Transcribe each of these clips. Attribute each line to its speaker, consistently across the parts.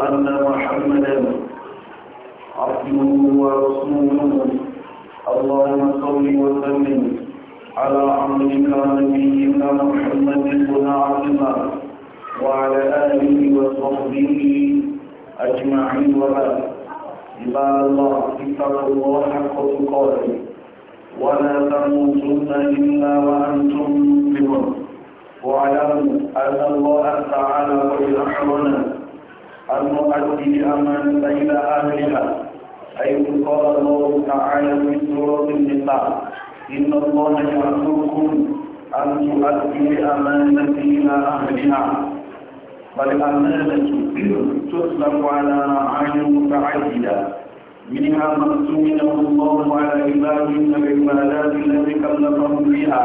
Speaker 1: أن محمدا عبده ورسوله اللهم صل وسلم على عبدك نبينا محمد بن عبد وعلى آله وصحبه أجمعين وبعد عباد الله اتقوا الله حق تقاته ولا تموتن إلا وأنتم مسلمون واعلموا أن الله تعالى قد أحرمنا المؤدي أمانة إلى أهلها حيث قال الله تعالى في سورة النساء إن الله يأمركم أن تؤدي الأمانة إلى أهلها فالأمانة تطلق على معاني متعددة منها ما اؤتمنه الله على عباده من العبادات التي كلفهم بها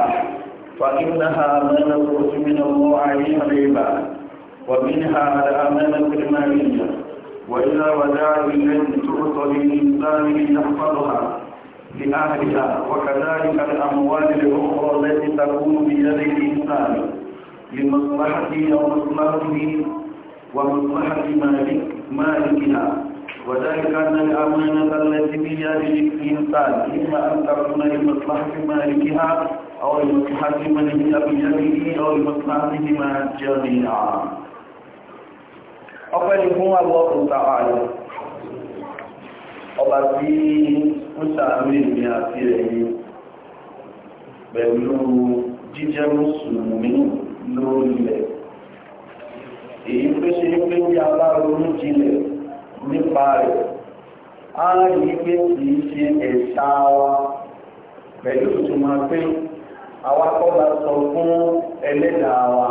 Speaker 1: فإنها أمانة اؤتمن الله عليها العباد ومنها الأمانة المالية وبالإنسان يحفظها لأهلها وكذلك الأموال الأخرى التي تكون بيد الإنسان لمصلحته ومصلحته ومصلحة مالك مالكها وذلك أن الأمانة التي بيد الإنسان إما أن تكون لمصلحة مالكها أو لمصلحة من هي بيده أو لمصلحتهما جميعا. أقل هو الله تعالى ọba tí ó sàánú ìmì àti ẹ̀yìn pẹ̀lú jíjẹ́ mùsùlùmí lórílẹ̀ èyí tó ṣe pé ní aláronú jinlẹ̀ nípa rẹ̀ a rí pé kì í ṣe ẹ̀ṣà wa pẹ̀lú ìtumọ̀ pé àwa kọ́ la sọ fún ẹlẹ́dàá wa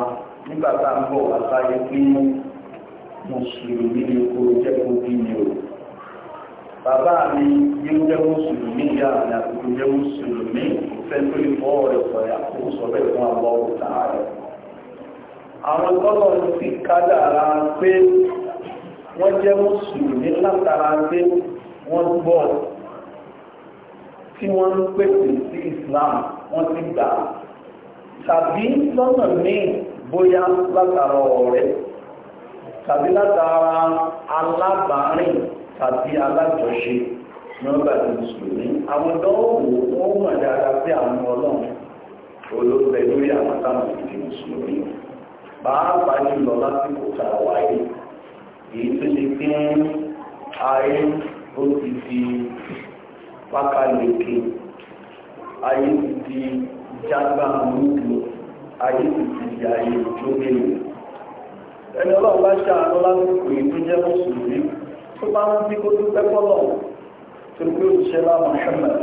Speaker 1: nígbà ń bọ̀ wá sáyé pé mùsùlùmí ni kò jẹ́ kó bí ni o bàbá mi ní ń jẹ́ mùsùlùmí ìyá mi àti ń jẹ́ mùsùlùmí ìfẹ́ tó lè fọ́ ọ̀rẹ́ sọ̀rẹ́ àkókò sọ bẹ́ẹ̀ fún àwọn ọ̀tá rẹ̀ àwọn tọ́lọ̀ ti kádàrá pé wọ́n jẹ́ mùsùlùmí látara pé wọ́n gbọ́ tí wọ́n ń pèsè sí Islam wọ́n ti gbà tàbí lọ́nà míì bóyá látara ọ̀rẹ́ tàbí látara alábàárìn tàbí alájọṣe nọ́mbà tí mùsùlùmí àwọn ìdánwò wọ́n mọ̀ dáadáa sí àwọn ọlọ́run olóògbé lórí àwọn táwọn ìdí mùsùlùmí pàápàá jùlọ lásìkò tá a wáyé èyí tó ṣe pé ayé ó ti di pákáleke ayé ti di jágbá múlò ayé ti di ayé tó léwu ẹni ọlọ́run bá ṣàánú lásìkò yìí tó jẹ́ mùsùlùmí tó bá ń bí kó tó pẹ́pọ́ lọ tó gbé òṣìṣẹ́ lá Muhammad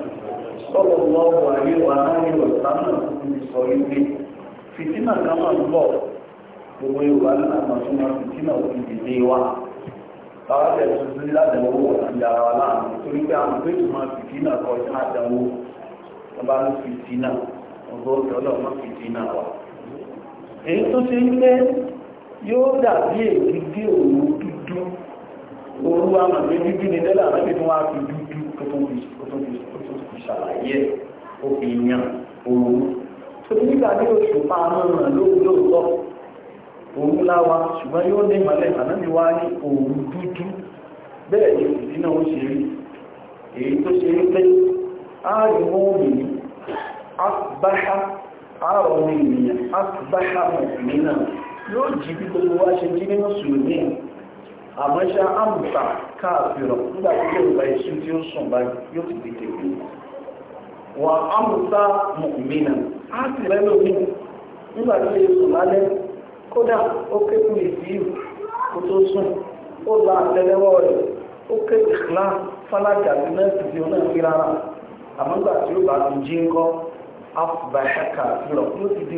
Speaker 1: sọ́lọ̀ lọ́wọ́ ayé wa láàrin ọ̀sánà ní sọ ilé fìtínà kan máa ń bọ̀ gbogbo Yorùbá ní àwọn tó máa fìtínà òfin dìde wa bàbá tẹ̀ tuntun ládàáwó àti ara wa láàrin torí pé àwọn tó máa fìtínà kọjá àdáwó tó bá ń fìtínà ọgọ́rùn-ún ọlọ́run fìtínà wa èyí tó ṣe ń pé yóò dàbí èdè òun dúdú orú àmà pé dúdú ní dẹ́là láti tún wá fi dúdú tó tó fi ṣàlàyé òfin yàn òru tó ní nígbà tí oṣù pa mọ́ràn lóòótọ́ òru láwa ṣùgbọ́n yóò ní ìmọ̀lẹ̀ ànábì wá ní òru dúdú bẹ́ẹ̀ ni òfin náà ó ṣe rí èyí tó ṣe rí pé ààrùn òmìnir asbáhá ààrùn ènìyàn asbáhá mọ̀mìnà yóò jí bí gbogbo wá ṣe àmọ́ṣá àmùsà káàfihàn nígbà tí yóò gba iṣu tí ó sùn bá yóò ti di wà àmùsà mùmínà á ti rẹ́lò mí nígbà tí yóò sùn lálẹ́ kódà ó ìdíyù kó tó sùn ó la àtẹ́lẹwọ́ rẹ̀ ó ké ìkìlá fálájà sí nẹ́ẹ̀sì tí ó náà fi rárá àmọ́ nígbà tí ó bá ti jí ń kọ́ àfùbàṣà ti di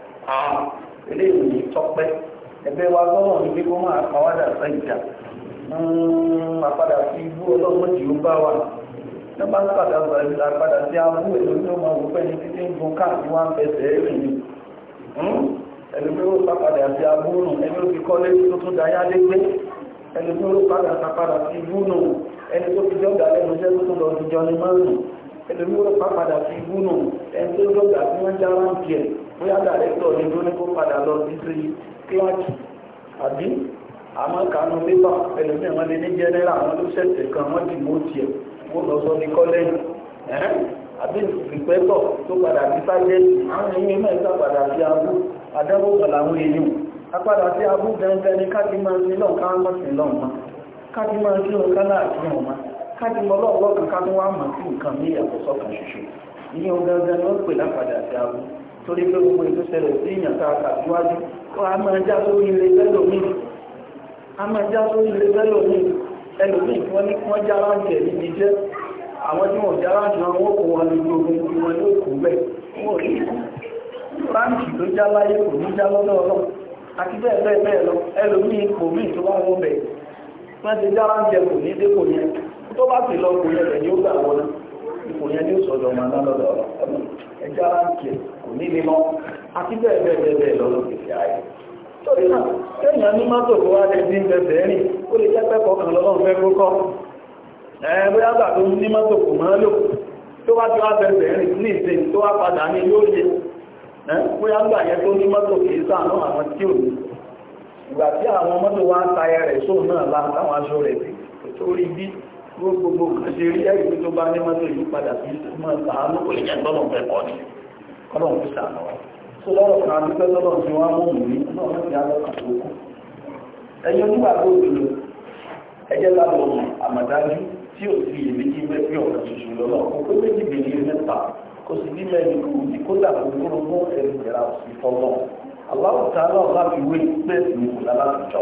Speaker 1: ọpẹ́ ẹ̀bẹ̀ wa gbọ́dọ̀ ní pé kó máa pàwádà sọ ìjà àpadà hmm, sí ibú ọlọ́run tí ó bá wà tó bá ń padà sọ ìjà padà sí abú èlò tí ó máa wò pẹ́ ní títí ń gun káàkiri wá ń bẹ̀sẹ̀ rìn ni hmm, ẹ̀lú pé ó bá padà sí abú nù ẹni ó fi kọ́lé tó tún dayá lé gbé ẹni tó ló padà sí ibú nù ẹni tó fi jọ́gà lẹ́nu iṣẹ́ tó tún lọ sí jọ ní márùn-ún ẹni tó padà sí ibú nù ẹni tó jọ́gà tí wọ́n já ráǹkì bóyá dàrẹ́tọ̀ ní tó ní kó padà lọ sí sí kíláàkì àbí àmọ́ ka pépà ní àwọn ẹni jẹ́nẹ́rà àwọn ló kan wọ́n ti mú tiẹ̀ lọ sọ ní kọ́lẹ́yìn àbí ìpẹ́tọ̀ tó padà sí àwọn èèyàn mẹ́ta padà sí abú làwọn èèyàn apadà sí abú gẹ́gẹ́ ní káàkiri máa ń lọ́n ká mọ́ sí lọ́n mọ́ káàkiri máa ń wọn mọ́ káàkiri mọ́ kankan tó wá mọ̀ sí torí pé gbogbo ìlú ṣẹlẹ̀ sí ìyànta àtàjúwájú a máa já sórí ilé tẹ́lòmí a máa já sórí ilé tẹ́lòmí ẹlòmí tí wọ́n ní kí wọ́n já láti ẹ̀mí ní jẹ́ àwọn tí wọ́n já láti wọn wọ́n kò wọn ní gbogbo tí wọ́n ní òkú bẹ̀ wọ́n rí ráǹkì tó já láyé kò ní já lọ́dọ̀ lọ àti bẹ́ẹ̀ bẹ́ẹ̀ bẹ́ẹ̀ lọ ẹlòmí kò mí tó wá wọn bẹ̀ wọ́n ti já láti ẹ̀kọ́ ní dépò yẹn tó bá sì lọ kò yẹn lẹ̀ ní ó gbà wọn ipò yẹn ní ó sọ̀dọ̀ ọmọ náà lọ́dọ̀ ọ̀rọ̀ gáráǹtì kò ní lè mọ́ àti bẹ́ẹ̀ bẹ́ẹ̀ bẹ́ẹ̀ lọ́lọ́ kìí ayé torí náà kéèyàn ní mọ́tò tó wá lè ní bẹ̀bẹ̀ rìn ó lè jẹ́ pẹ́kọ̀ọ́ kan lọ́lọ́run fẹ́ kó kọ́ ẹ̀ẹ́ bóyá gbà tó ní mọ́tò kò mọ́ lò tó wá tó wá bẹ̀bẹ̀ rìn ní ìsìn tó wá padà ní yóò yẹ bóyá gbà yẹn tó ní ìgbà tí àwọn mọ́tò wá ń ta ẹ rẹ̀ náà lá táwọn aṣọ rẹ̀ tó rí bí fún gbogbo kàṣe rí ẹgbẹ́ tó bá ní mọ́tò yìí padà sí máa sàánú kò lè jẹ́ tọ́lọ̀ fẹ́ pọ̀ ní kọ́lọ̀ fi sàánú wa tó lọ́rọ̀ kan àdúgbẹ́ tọ́lọ̀ tí wọ́n mú mi náà ti á lọ́kàn tó kù ẹ̀yin onígbà tó dùn ẹjẹ́ lábọ̀ mọ̀ àmàdájú tí ò sí èmi kí bẹ́ẹ̀ bí ọ̀kan ṣoṣo lọ́lọ́ kó pé méjì bèèrè mẹ́ta kó sì ní mẹ́rin kò ní kó dàbò kúrò mú ẹ̀rù ìjẹ́ra òsì fọ́lọ́ aláwọ̀ tá a náà láti wé pẹ́ẹ́sì ní kò lálájọ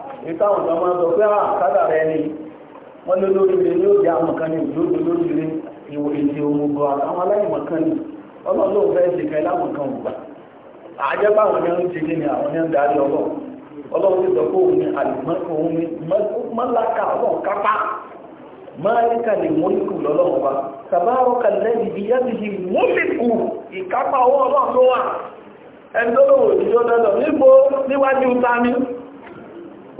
Speaker 1: ìtàwọn ọmọ sọ pé à ah, kádà rẹ ni wọ́n lé lórí rẹ ní òjì àwọn kan ní òjòjò lórí rẹ ìwò èdè òmùgọ̀ àwọn aláìmọ̀ kan ni ọlọ́run ló fẹ́ ṣe fẹ́ láwọn kan ògbà àjẹ́bá àwọn yẹn ń ṣe kí ni àwọn yẹn ń darí ọlọ́ ọlọ́run ti sọ pé òun ni àlùmọ́ òun ni mọ́láka ọlọ́run kápá máàríkà lè mọ́líkù lọ́lọ́run wa tàbárọ̀kà lẹ́yìn ibi yábìyí mọ́líkù ìkápá ọwọ́ ọlọ́run ló wà ẹni tó lòun òjijì ọdọọdọ níbo níwájú tani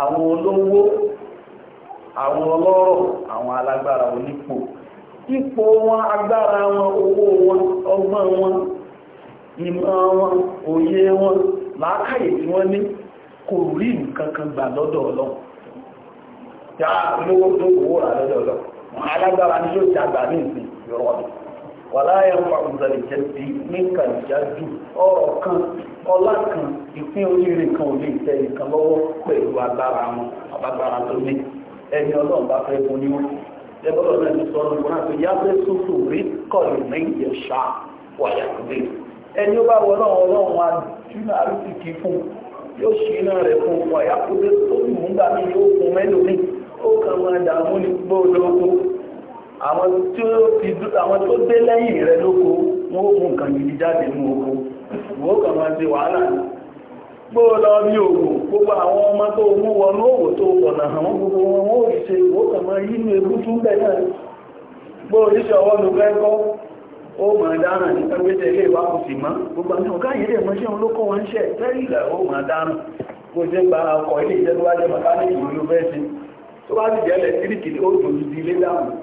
Speaker 1: àwọn olówó àwọn ọlọ́rọ̀ àwọn alágbára onípò ipò wọn agbára wọn owó wọn ọgbọ́n wọn ìmọ̀ wọn òye wọn láákàyè tí wọ́n ní kò rí nǹkan kan gbà lọ́dọ̀ ọlọ́run yáà olówó tó kò wó rà lọ́dọ̀ ọlọ́run wàláyé pàmùsàlì jẹ́bi níkà ìjájú ọ̀rọ̀ kan ọlá kan ìpín oríire kan ò lè tẹ nǹkan lọ́wọ́ pẹ̀lú agbára wọn àbágbára tó ní ẹni ọlọ́run bá fẹ́ fún ní wọn lẹ́gbọ́dọ̀ náà ti sọ́run kúrò àti yáfẹ́ sùsù rí kọ̀lù ní ìjẹ̀ṣà wàyà gbé ẹni ó bá wọ náà ọlọ́run wa júnà àrùsìkì fún yóò ṣe iná rẹ̀ fún wàyà kúdé tó mú gbà mí yóò fún mẹ́lòmí ó kàn máa dààmú ní gbóòdó àwọn tí ó ti àwọn tó dé lẹ́yìn rẹ̀ lóko wọ́n mú nǹkan gidi jáde ní oko wọ́n kàn máa ṣe wàhálà gbó lọ bí gbogbo àwọn ọmọ tó mú tó wọ̀nà àwọn gbogbo wọn wọ́n rí ṣe wọ́n kàn máa yí ní ebú tún bẹ̀ náà gbó oríṣẹ́ ọwọ́ ló kọ́ ó máa ní ilé ìwà kò sì mọ́ gbogbo àwọn ọ̀gá yìí gba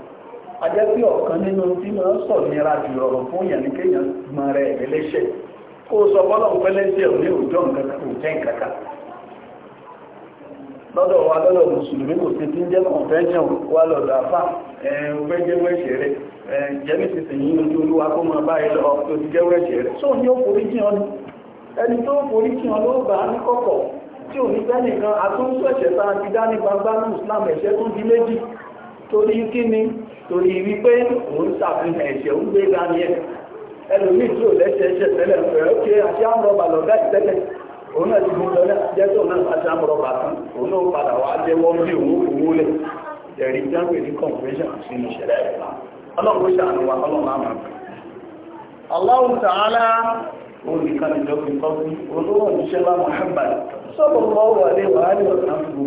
Speaker 1: ajẹ́ pé ọ̀kan nínú tí máa ń sọ nira jù rọrùn fún èèyàn ní kéèyàn mọ rẹ̀ ẹlẹ́ṣẹ̀ kó o sọ bọ́lọ̀ pẹ́lẹ́ṣẹ̀ ò ní òjọ́ nǹkan kò jẹ́ nǹkan kan lọ́dọ̀ wa lọ́dọ̀ mùsùlùmí kò sí tí ń jẹ́ convention wa lọ́dọ̀ àfà ẹ̀ẹ́gbẹ́ jẹ́wọ́ ẹ̀ṣẹ̀ rẹ̀ jẹ́mí ti sì yí ojú olúwa kó máa bá ilọ̀ tó ti jẹ́wọ́ ẹ̀ṣẹ̀ rẹ̀ tó ní ó forí kí ọ́n ẹni tó forí kí ọ́n bá ní kọ́kọ́ tí ò ní fẹ́nìkan àtúnṣẹ̀ṣẹ̀ tá a ti dá ní gbangba ní Islam ẹ̀ṣẹ̀ tó di méjì torí kí ni torí wípé òun ṣàfihàn ẹ̀ṣẹ̀ ń gbé ga ní ẹ̀ ẹlòmíì tí ò lẹ́sẹ̀ ẹ̀ṣẹ̀ tẹ́lẹ̀ fẹ́ ó ké àti àmúrọ̀bà lọ́gá ìtẹ́lẹ̀ òun náà ti gbọ́dọ̀ náà jẹ́ tó náà àti àmúrọ̀bà kan òun náà padà wá jẹ́ wọ́n bí òun owó lẹ̀ ẹ̀rí jágbe ní convention sínú ìṣẹ̀lẹ̀ ẹ̀fà ọlọ́run ṣàánú wa ọlọ́run àmà Allah ta'ala òun nìkan ìjọ fi kọ́ sí olówó ìṣẹ́lá Muhammad sallallahu alaihi wa alihi wa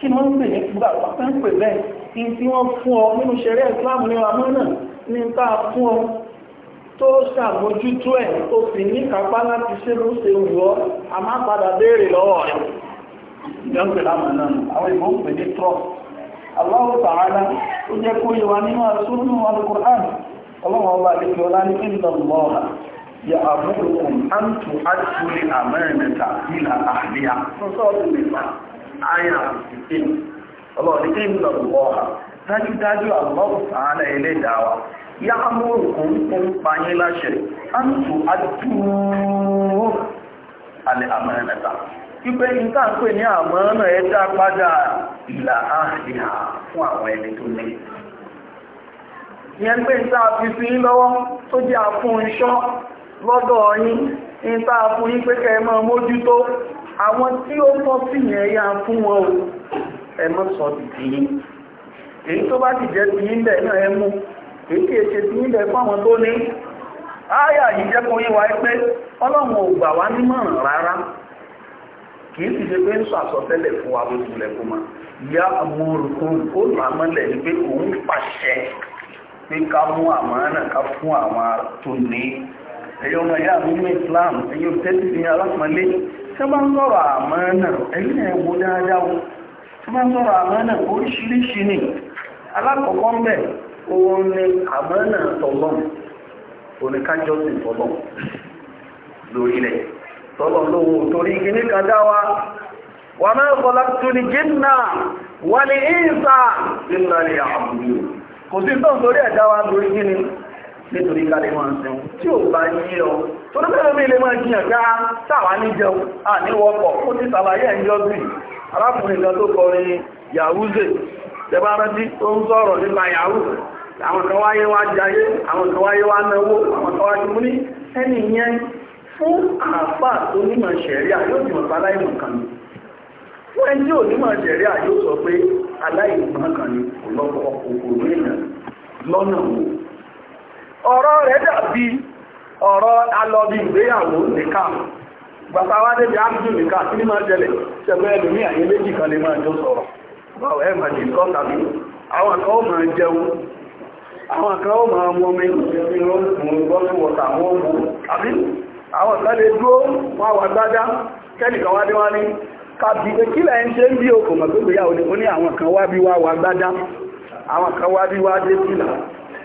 Speaker 1: kí ni wọ́n ń pè ní gbà wọ́n ń pè bẹ́ẹ̀ kí tí wọ́n fún ọ nínú ṣeré islam ní ọmọ náà ní ta fún ọ tó ṣàmójútó ẹ̀ tó ní kápá láti ṣe ló ṣe wù ọ́ a máa padà béèrè lọ́wọ́ rẹ̀ ìjọ́pẹ̀ láwọn náà àwọn ìmọ̀ pè ní trust Allah ta'ala ó jẹ́ quran ya àyà ìsìn ọlọ́ọ̀dẹ́ kí ìlú lọ́dún dájúdájú àlọ́ọ̀ sàánà ẹlẹ́dàá yá fún payín láṣẹ áńtù adúrú alẹ́ àmọ́rẹ́mẹ́ta ibe nǹkan ń pè ní àmọ́rẹ́mẹ́ ẹjá padà ìlà áhìhà fún àwọn ẹni tó ní pé àwọn tí ó tọ́ sí yẹn yá fún wọn o ẹ sọ dìdì èyí tó bá ti jẹ́ ti yín náà èyí ti yìí jẹ́ wa ọlọ́run rárá sì ṣe pé ń sọ àsọtẹ́lẹ̀ fún wa ya amúrùkún olù àmọ́lẹ̀ ni pé òun pàṣẹ pé ká mú àmọ́ràn ká fún àwọn tó ní ẹ̀yọ́ ọmọ ìyá mi ní Islam ẹ̀yọ́ tó bá ń sọ̀rọ̀ àmánà ẹ̀yìn ẹ̀wò dáadáa tó bá ń sọ̀rọ̀ àmánà oríṣiríṣi ni alákọ̀ọ́kọ́ mẹ́ òun ni àmánà tọ́lọ́m oníkájọ́sìn tọ́lọ́m lórí rẹ̀ tọ́lọ́m lówó torí kíní kan dá wa wà máa kọ́lá tó ní jìnnà wà ní ìsà kò sí tó torí ẹ̀dá wa lórí kíní nítorí káàdé máa ń sẹ́wọ̀n tí ò bá yí ọ tó ní mẹ́rin ilé máa jiyàn ká ah, sáwà ní jẹun à ní wọ́pọ̀ ó ti sàlàyé ẹ̀yọ́ sí arákùnrin kan tó kọrin yahuze tẹbá rántí tó ń sọ̀rọ̀ nípa yahoo àwọn kan wáyé wá jayé àwọn kan wáyé wá náwó àwọn kan wáyé mú ní ẹni yẹn fún àpá tó nímọ̀ ṣẹ̀ríà yóò dìmọ̀ pa aláìmọ̀ kan ni fún ẹni tí ò nímọ̀ ṣẹ̀ríà yóò sọ pé aláìmọ̀ kan ni kò lọ́pọ̀ èèyàn lọ́nà wo ọ̀rọ̀ rẹ̀ dàbí ọ̀rọ̀ alọ́bí ìgbéyàwó nìka gbàtàwà débi ápùdù nìka tí ní máa jẹlẹ̀ ṣẹgbẹ́ ẹlòmí ní méjì lè máa jọ sọ̀rọ̀ báwo ẹ̀mà máa tàbí àwọn kan wá wá wà gbádá àwọn kan wá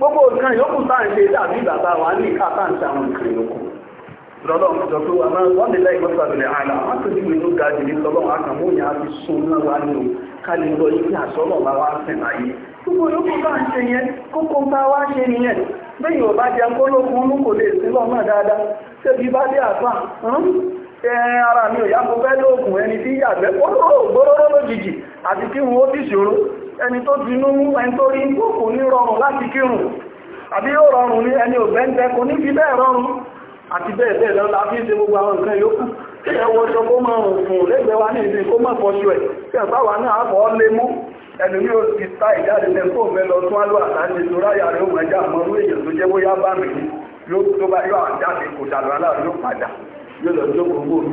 Speaker 1: gbogbo nǹkan yóò kù táà ń ṣe dàbí bàbá wa ní ìka táà ń ṣe àwọn nǹkan yòókù lọ́lọ́ ìjọ tó wà náà wọ́n lè láì mọ́sàbìlẹ̀ àlà wọ́n tó dìbò inú ga jìnnì lọ́lọ́ àkàmúyà àti sunná wa nínú kálí lọ ibi àsọ́lọ̀ bá wá sìn láyé gbogbo yòókù bá ń ṣe yẹn kókó bá wá ṣe nìyẹn bẹ́yìn ò bá jẹ kólókun ní kò lè sí lọ́nà dáadáa ṣébi bá dé àfà ara mi ò yá mo fẹ́ lóògùn ẹni tí yàgbẹ́ gbóróró lójijì àti kí wọn ó dìṣòro ẹni tó ti inú mú ẹni tó rí kó kò ní rọrùn láti kírun àbí yóò rọrùn ní ẹni òbẹ́ǹtẹ kò ní fi bẹ́ẹ̀ rọrùn àti bẹ́ẹ̀ bẹ́ẹ̀ lọ la fi ń ṣe gbogbo àwọn nǹkan yòókù kí ẹ wọṣọ kó máa rùn fún lẹ́gbẹ̀ẹ́ wa ní ìsìn kó má fọṣọ ẹ̀ kí ẹ̀ báwa o ti ta ìjáde yóò tó bá yóò àjáde kò dàlọ́ aláàrú yóò padà yóò lọ jókòó gbòòrò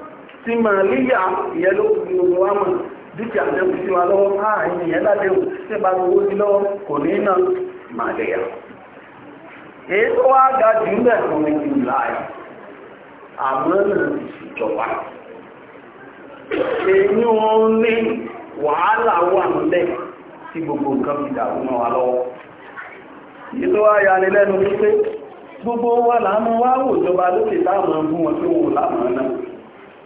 Speaker 1: tí máa líyà ìyẹn ló fi ogun wá mọ̀ dúkìá sí wa lọ́wọ́ ààrin ìyẹn láti ẹ̀wò tí bá gbogbo sí lọ́wọ́ kò ní náà máa lè yà. èyí tó wá ga jù ń bẹ̀ fún mi jù tí gbogbo nǹkan fi dàrú mọ́ wa lọ́wọ́. èyí tó wá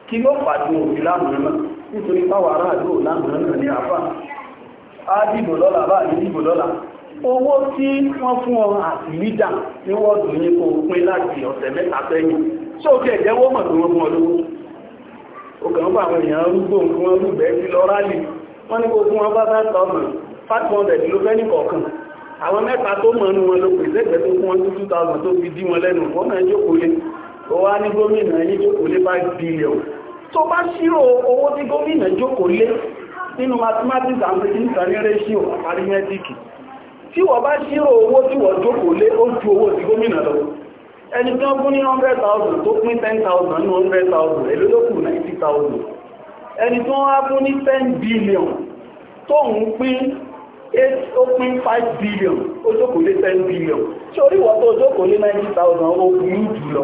Speaker 1: kí ló pàdé òfin lánàá náà nítorí páwà aráàlú lánàá náà ní àfà á dìbò lọ́la bá ní dìbò lọ́la owó tí wọ́n fún ọ àti lídà ní wọ́ọ̀dù ní kò pín láti ọ̀sẹ̀ mẹ́ta sẹ́yìn tó kí ẹ̀jẹ̀wó mọ̀ tó wọ́n fún ọ lówó ó kàn fún àwọn èèyàn rúgbò fún wọn rúgbẹ́ sí lọ rálì wọ́n ní kò fún wọn bá bá tọ́mọ̀ 500 ló fẹ́ ní kọ̀ọ̀kan àwọn mẹ́ta tó mọ̀ nú wọn ló pèsè ẹgbẹ́ tó fún wọn tó fi dí wọn lẹ́nu wọ́n náà jókòó lé ó wá ní gómìnà yí jókòó lé 5 billion tó bá ṣírò owó tí gómìnà jókòó lé nínú mathematics and engineering ratio arithmetic tí wọ́n bá ṣírò owó tí wọ́n jókòó lé ó ju owó tí gómìnà lọ ẹni tí wọ́n fún ní 100,000 tó pín 10,000 ní 100,000 èló ló kù 90,000 ẹni tí wọ́n wá fún ní 10 billion tó ń pín 8.5 billion ó jókòó lé 10 billion ṣe oríwọ̀ tó jókòó lé 90,000 ó burú jùlọ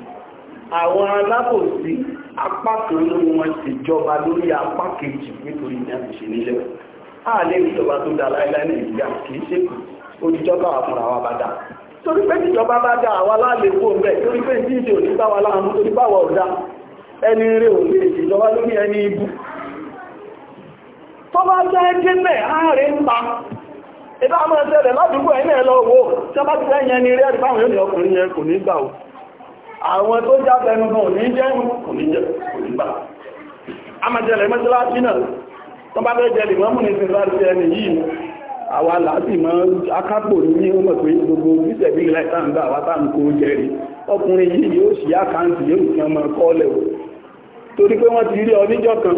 Speaker 1: àwọn alábòsí apá kan wọn ti jọba lórí apá kejì nítorí ní nílẹ̀ a lè rí ìjọba tó dá láìláì nàìjíríà kì í ṣèkù ojújọba àfúnra wa bá dá torí pé ìjọba bá dá àwa torí pé ìdíje òní bá wa láàmú torí ẹni rẹ̀ ìjọba lórí ẹni tó bá lọ tí wọ́n bá ti fẹ́ yẹn yóò ní ọkùnrin yẹn àwọn tó já fẹnu kan òní jẹun òní jẹ òní gbà a máa jẹ lẹ́mọ́sí láti náà tó bá fẹ́ jẹ lè mọ́mù ní sinmi láti ẹni yìí àwa láti mọ́ akápò ní ọmọ pé gbogbo bíṣẹ̀bí láìta ń gbà wátà ń kan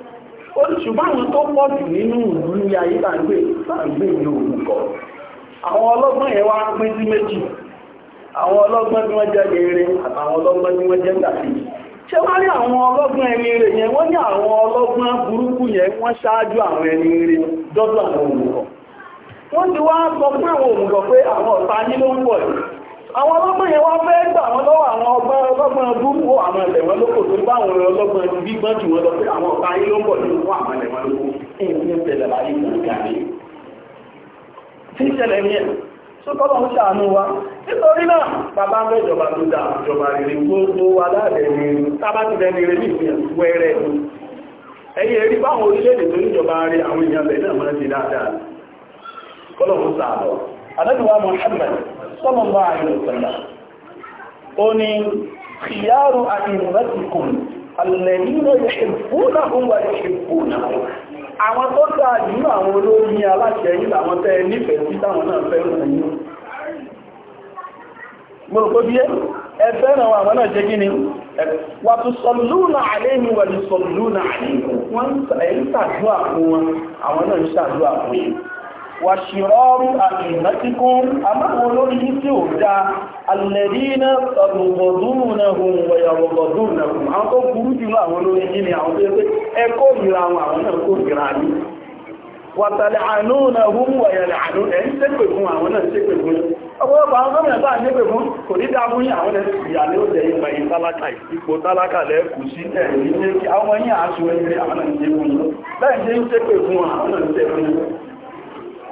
Speaker 1: ó ní ṣùgbọ́n àwọn tó pọ̀ jù nínú ìlú ní ayé ya ń gbé ìlú òkùnkọ̀ àwọn ọlọ́gbọ́n yẹn wá pín sí méjì àwọn ọlọ́gbọ́n tí wọ́n jẹ́ àtàwọn ọlọ́gbọ́n tí wọ́n jẹ́ ṣe wá rí àwọn ọlọ́gbọ́n àwọn ọlọ́gbọ́n yẹn wá fẹ́ gbà wọn lọ́wọ́ àwọn ọgbọ́n ọlọ́gbọ́n gbúgbò àwọn ẹ̀lẹ̀ lókò tó bá gbígbọ́n wọn lọ àwọn ọ̀tá ayé ló ń àwọn lókò ẹ̀yìn láyé tí bàbá ń tó ìjọba gbogbo wa láàrẹ̀ ní rẹ̀ wẹ́rẹ́ báwọn orílẹ̀-èdè tó àwọn èèyàn náà àdọ́dùwà Muhammad sallallahu alaihi wasallam ó ní khiyaru a'immatikum alladhina yuhibbunakum wa yuhibbunakum àwọn tó dáa nínú àwọn olóyìn aláṣẹ yìí làwọn tẹ́ nífẹ̀ẹ́ sí táwọn náà fẹ́ rẹ̀ wà ṣìrọ́rù àìmọ́tíkún amáwọn olórin yìí tí ó dá alẹ́dínà ọ̀gbọ̀gbọ̀dúnnàhùn wẹ̀yọ̀gbọ̀gbọ̀dúnnàhùn àwọn tó burú jùlọ àwọn olórin yìí ni àwọn tó yẹ pé ẹkọ́ ìrà àwọn àwọn náà kó ìrà ní wàtàlẹ̀ àánúnàhùn àánú ẹ̀ ń ṣépè fún ń ṣépè fún fún àwọn náà ń ṣépè fún àwọn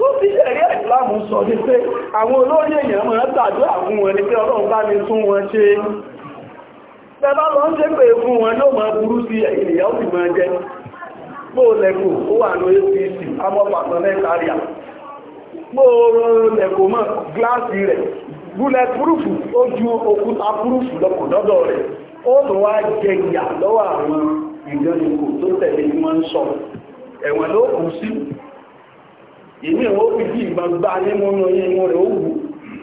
Speaker 1: tó ti ẹ̀rí ìsìláàmù sọ ní pé àwọn olóyè èèyàn máa gbàdúrà fún wọn ní pé ọlọ́run bá mi tún wọn ṣe tẹbá lọ ń jẹ́ pé fún wọn ló máa burú sí ènìyàn jẹ́ ó wà ní apc amọ́pàtàlẹ́kàríà sọ ẹ̀wọ̀n ló ìní ìwọ́ fi sí ìgbàgbà nínú yín inú rẹ̀ ó wù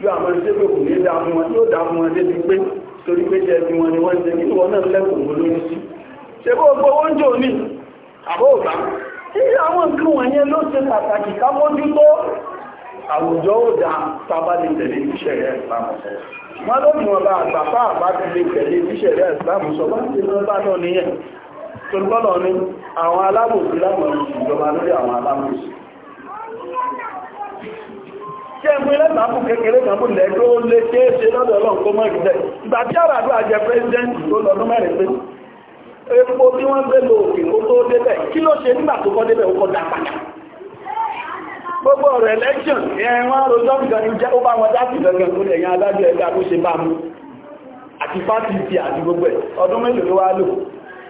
Speaker 1: yóò àmọ́ ṣé pé kò ní dá fún wọn yóò dá fún wọn débi pé torí pé jẹ́ ti wọn ni wọ́n ṣe nínú wọn náà lẹ́kùn olóyún sí ṣe bó gbowó ń jò ní àbóòbá tí àwọn nǹkan wọ̀nyẹn ló ṣe pàtàkì ká mójútó àwùjọ ó dá sábà lè tẹ̀lé iṣẹ́ rẹ̀ ìsìlámù sọ wọ́n ló mú ọba àgbàfà àbá ti lè tẹ̀lé iṣẹ́ rẹ̀ ìsìlámù sọ wọ́n ti lọ bá náà nìyẹn tolúkọ́lọ́ ni àwọn alábòsí láwọn ìjọba lórí àwọn alábòsí ṣe mú bụ kékeré kan mú lẹ́gbẹ́ ó lé ṣe é ṣe lọ́dọ̀ ọlọ́run kó mọ́ ìrìnlẹ̀ ìgbà tí àràdó àjẹ president tó lọ́dún mẹ́rin pé epo tí wọ́n gbé lo òkè kó tó débẹ̀ kí ló ṣe nígbà tó kọ́ débẹ̀ ó kọ́ dá gbogbo ọ̀rọ̀ election ẹ̀yẹn wọ́n rojọ́ jẹ́ ó bá wọn adájọ́ ẹgbẹ́ bá mú àti gbogbo ẹ̀ ọdún ló wá lò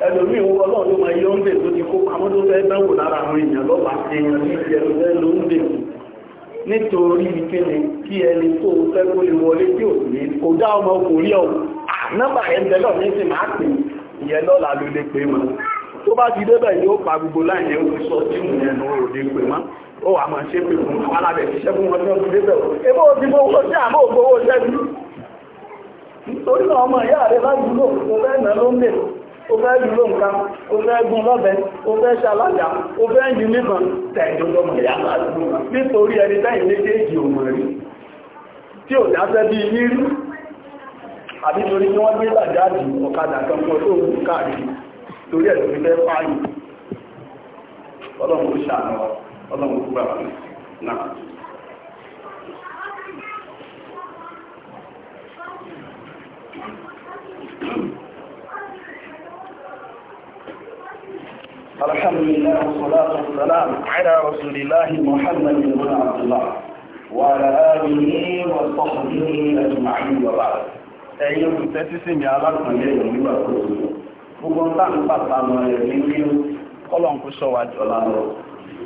Speaker 1: ẹlòmí ìwọ ọlọ́run ló máa yọ ń dè tó ti kó pamọ́ tó fẹ́ dánwò lára àwọn èèyàn lọ́pàá èèyàn ní ìjẹun fẹ́ ló ń dè nítorí ìkéde kí ẹni tó fẹ́ kó lè wọlé tí ò ní kò dá ọmọ kò rí ọ̀hún nọ́mbà yẹn tẹ́lọ̀ ní sì máa pè ìyẹn lọ́la ló lè pè mọ́ tó bá ti débẹ̀ ni ó pa gbogbo láì yẹn ó fi sọ sí ìmú yẹn ó lè pè mọ́ ó wà máa ṣe pé fún àwọn alábẹ̀ ṣiṣẹ́ fún wọn tí wọ́n ti débẹ̀ ebó ti gbowó sí àmọ́ ògbówó ṣẹ́gun nítorí náà ọmọ ìyá rẹ̀ láti lò ó fẹ́ náà ló ń dè o fẹ́ lù ló nǹkan o fẹ́ gun lọ́bẹ̀ o fẹ́ ṣàlájà o fẹ́ yìí níbọn tẹ̀jọ́jọ́ mọ̀ ìyá nítorí ẹni tẹ́yìn méjèèjì òmò tí ò dáṣẹ́ bí i àbí torí wọ́n gbé làjáàjì ọ̀kadà الحمد لله والصلاة والسلام على رسول الله محمد بن عبد الله وعلى آله وصحبه أجمعين وبعد ẹ̀yin olùtẹ́sísí mi alákùnrin ẹ̀yọ̀ nígbà tó gbogbo ń bá ń pàtà mọ̀ ní kọ́lọ̀n ṣọ́wà jọ̀lá lọ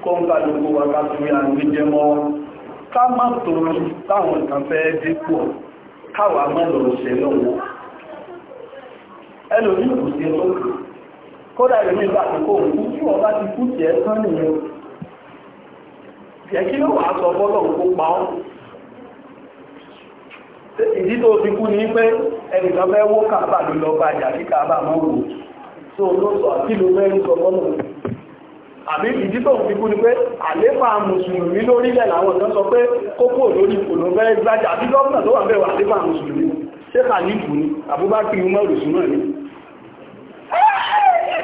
Speaker 1: kó ń bá gbogbo wa jẹ́ mọ́ ká má táwọn fẹ́ dípò mọ́ kódà ìlú ìgbà àkókò òkú tí wọ́n bá ti kú sí ẹ̀ tán nìyẹn jẹ́ kí ló wà á sọ bọ́lọ̀ kó pa ọ́ ìdí tó fi kú ní pé ẹnìkan fẹ́ wó kàbà ló lọ bàjà kí kàbà mọ́ wò tó ló sọ kí ló fẹ́ ń sọ bọ́lọ̀ àbí ìdí tó fi kú ní pé àléfà mùsùlùmí lórílẹ̀ làwọn kan sọ pé kókó lórí kò fẹ́ gbájà àbí gọ́ọ̀nà tó wà bẹ̀rẹ̀ àléfà mùsùlùmí ṣé kà ní ìbù ni àbúbákì mọ́rùsùn náà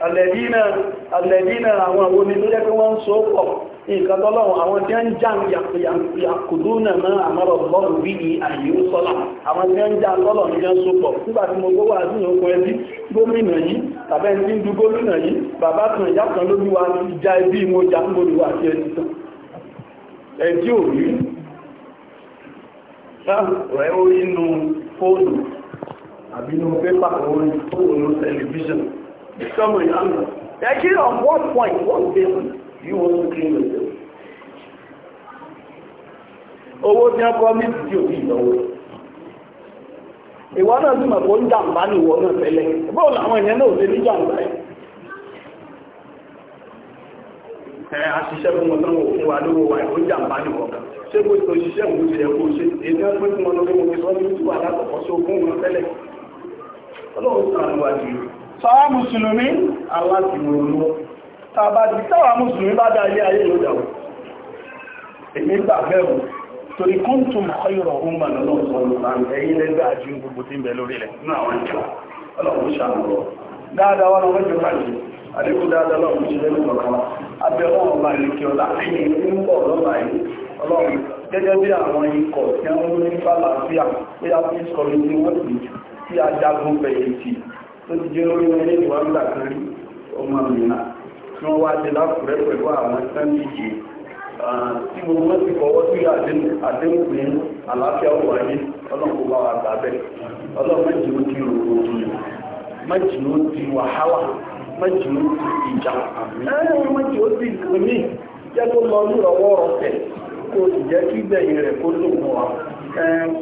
Speaker 1: alẹ́dínà alẹ́dínà àwọn àwọn omi tó jẹ́ pé wọ́n ń so pọ̀ nǹkan tọ́lọ́run àwọn tí ń jà yàkùdú náà mọ́ àmọ́rọ̀ bọ́ọ̀lù bí i àyè ó sọ́lá àwọn tí ń jà tọ́lọ̀ ní jẹ́ so pọ̀ nígbà tí mo gbówà sí òkun ẹbí gómìnà yìí tàbẹ́ tí ń du gómìnà yìí bàbá kan ìyá kan ló bí wa ja ẹbí mo jà ń gbòdì wà sí ẹni tán ẹjí ò rí rẹ̀ ó inú fóònù àbínú pépà orí fóònù tẹlifíṣàn discovering hunger. Actually, on what point, what business you want to clean yourself? Owó tí a promise tí òbí ìnáwó. Ìwọ náà sì mọ̀ ń jàǹbá ní ìwọ náà tẹ́lẹ̀. Bóò làwọn èèyàn náà ò lè ní jàǹbá ẹ̀. Ẹ àṣìṣẹ́ fún wọn náà òfin wa lówó wa ó ń jàǹbá ní ìwọ kan. Ṣé bó ti òṣìṣẹ́ òun ti yẹ kó ṣe? Èyí wọ́n fún wọn lórí mo fi sọ́ sọ́wọ́ mùsùlùmí àwọn ti mọ̀ lọ tàbí tàwà mùsùlùmí bá dá ayé ayé ló dàwó èmi gbà bẹ̀rù torí kúntùm ọ̀yọ̀rọ̀ ọmọ lọ́lọ́sọ̀rọ̀ àdíkù dáadáa lọ́wọ́ ti lẹ́nu ọ̀kan abẹ́wọ́ ọba ìlúkẹ́ ọ̀la ní ìpínlẹ̀ ọlọ́ba yìí ọlọ́run gẹ́gẹ́ bí àwọn ikọ̀ tí wọ́n ní fàlàáfíà pé a fi sọ ní wọ́n tí a jagun fẹ̀yìntì tó ti jẹ́ orí ilé ìwà ńlá kan ọmọ mìíràn tí wọ́n wá ti lákùrẹ́ pẹ̀lú àwọn sẹ́ńdíjì tí gbogbo wọn ti fọwọ́ sí àdéhùn àlàáfíà wáyé ọlọ́run kó bá wa ọrụ ọrụ ti ti wàhálà ti ìjà ẹ̀rọ ó ti jẹ́ kó lọ ní ọwọ́ kó sì jẹ́ kí rẹ̀ kó mọ́ wa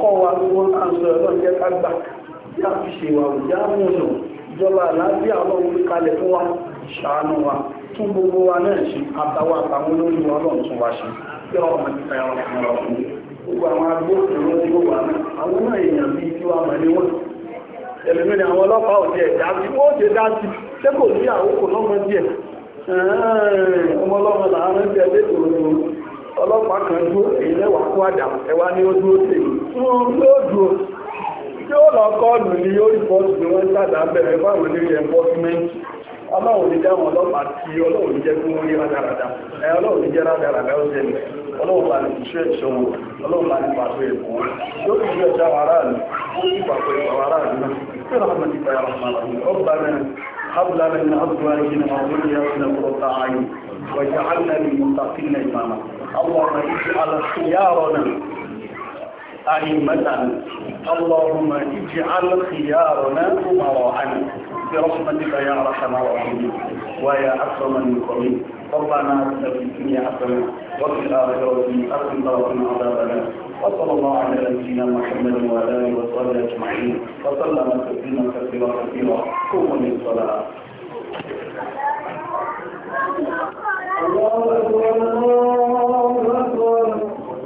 Speaker 1: kọ́ wa ló ń sọ ẹ̀rọ gbà yá fi ìjọba àlàáfíà ọlọ́run kalẹ̀ fún wa wa tún gbogbo wa náà ṣe àtàwọn àtàwọn olórí ọlọ́run tún wa ṣe ọmọ fún gbogbo àwọn agbófinró tí ó wà náà àwọn náà èèyàn tí wà mọ̀ ni àwọn ọlọ́pàá sí ó ṣe dá sí ṣé kò àwòkò lọ́mọ díẹ̀ ọmọ ọlọ́pàá tí ó lọ kọ́ọ̀lù ní orí pọ́ọ̀tù ni wọ́n sàdá bẹ̀rẹ̀ fáwọn onírin ẹ̀fọ́símẹ́ntì ọlọ́run ní jẹ́ wọn ọlọ́pàá tí ọlọ́run jẹ́ fún orí rádaràdá ẹ ọlọ́run jẹ́ rádaràdá ó jẹ́ ọlọ́run bá ní iṣẹ́ ìṣòwò ọlọ́run bá ní pàtó èkó yóò fi ṣe ọjà wàrà ní ní pàtó ìpà wàrà ní fẹ́ràn ọmọ nípa ẹ̀rọ ọgbà náà حبلا من أزواجنا وذرياتنا قرة أعين واجعلنا للمتقين إماما اللهم اجعل خيارنا أئمة اللهم اجعل خيارنا أمراء برحمتك يا أرحم الراحمين ويا أكرم المكرمين ربنا آتنا في الدنيا حسنة وفي الآخرة حسنة وقنا عذابنا وصلى الله على نبينا محمد وعلى آله وصحبه أجمعين وسلم تسليما كثيرا كثيرا قوموا للصلاة الله أكبر الله